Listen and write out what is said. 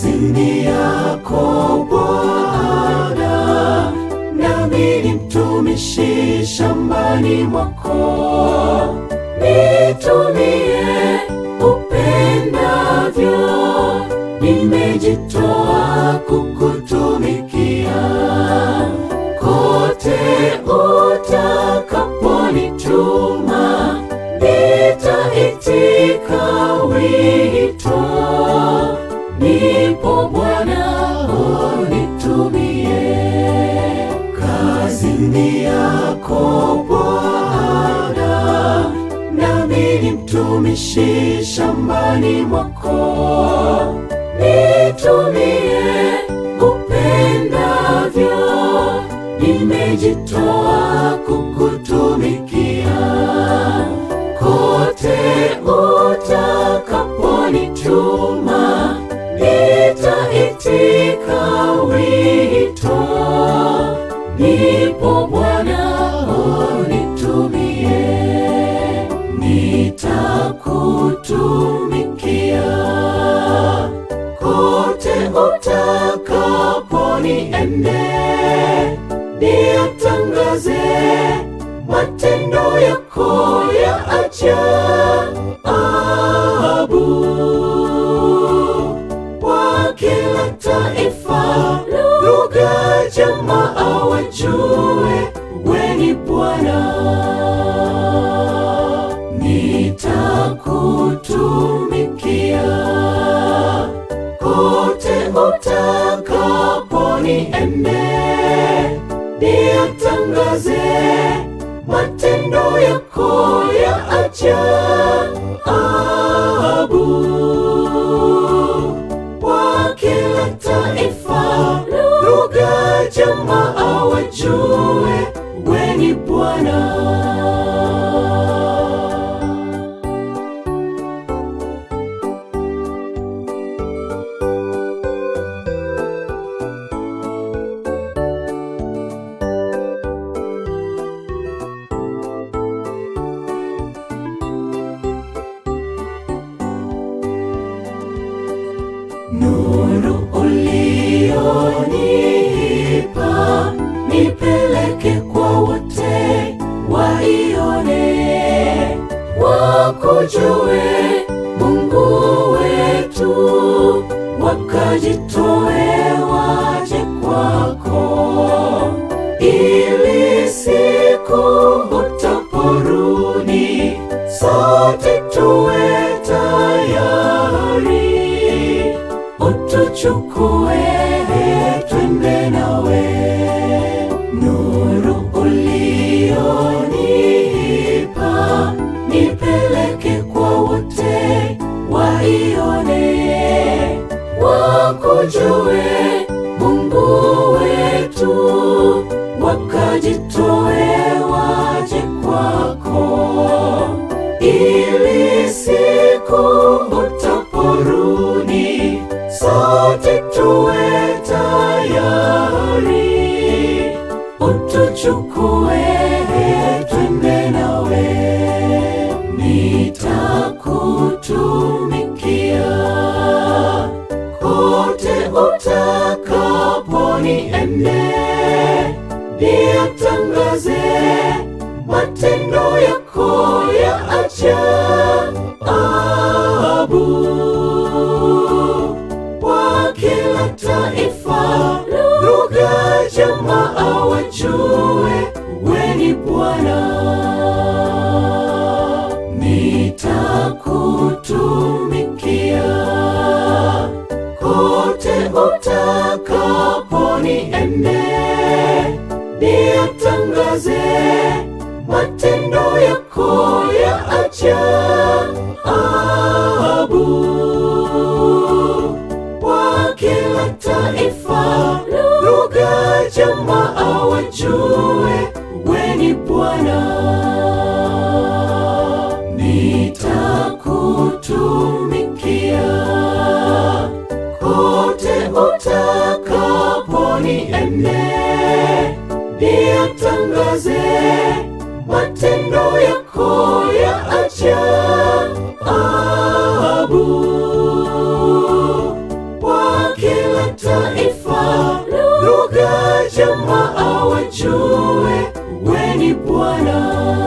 kazi yako Bwana, nami ni mtumishi shambani mwako. Nipo Bwana, unitumie kazini yako Bwana, nami ni mtumishi shambani mwako, nitumie upendavyo, nimejitoa Twende niyatangaze matendo yako ya ajabu kwa kila taifa, lugha, jamaa wajue weni ni Bwana. Nitakutumikia kote uta niende niyatangaze matendo yako ya ajabu ulionipa nipeleke kwa wote waione, wakujue Mungu wetu, wakajitoe waje kwako, ili siku utaporudi sote tuwe tayari utuchukue sote tuwe tayari, utuchukue twende nawe, nitakutumikia kote utakaponiende, niyatangaze matendo yako ya ajabu. mataifa, lugha, jamaa wajue wewe ni Bwana. Nitakutumikia kote utakaponiende, niyatangaze matendo yako ya ajabu. lugha jamaa wajue we ni Bwana nitakutu kwamba awajue, we ni Bwana.